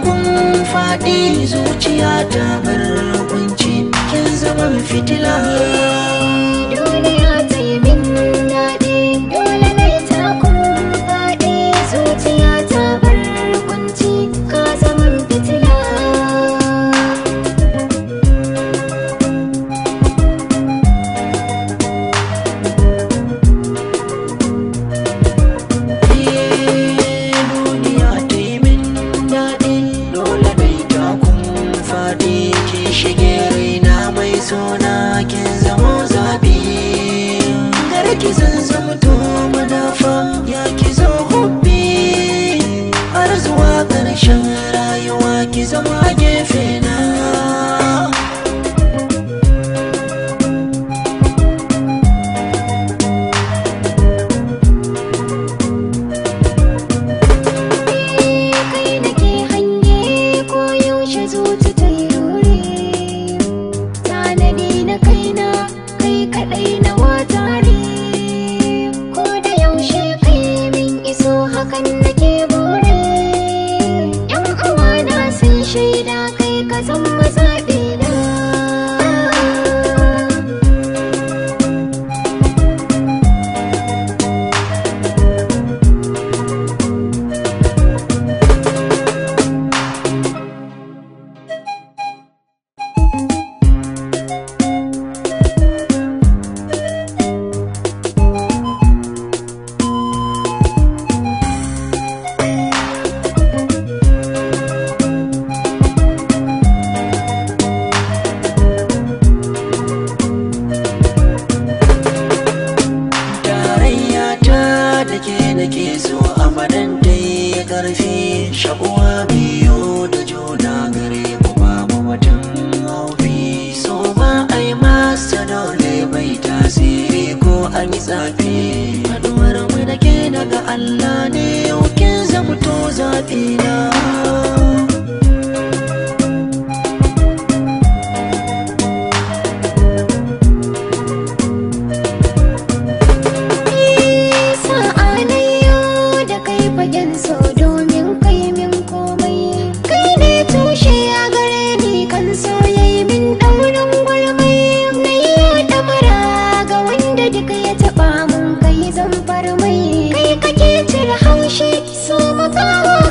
kun faɗi zuciya ta bar kunci kin zama fitila zaɓi kin shige raina mai suna kin zama zaɓi gare ki zan zama to madafa ya ki zo hubbi har zuwa ƙarshen rayuwa ki zama gefe summer, summer. ke zuwa amadan yi ya karfi shakuwa biyu da juna gare mu babu watan haufi so ma a yi masa dole bai tasiri ko an yi tsafi haduwar mu da ke daga Allah ne yau ひきそうだわ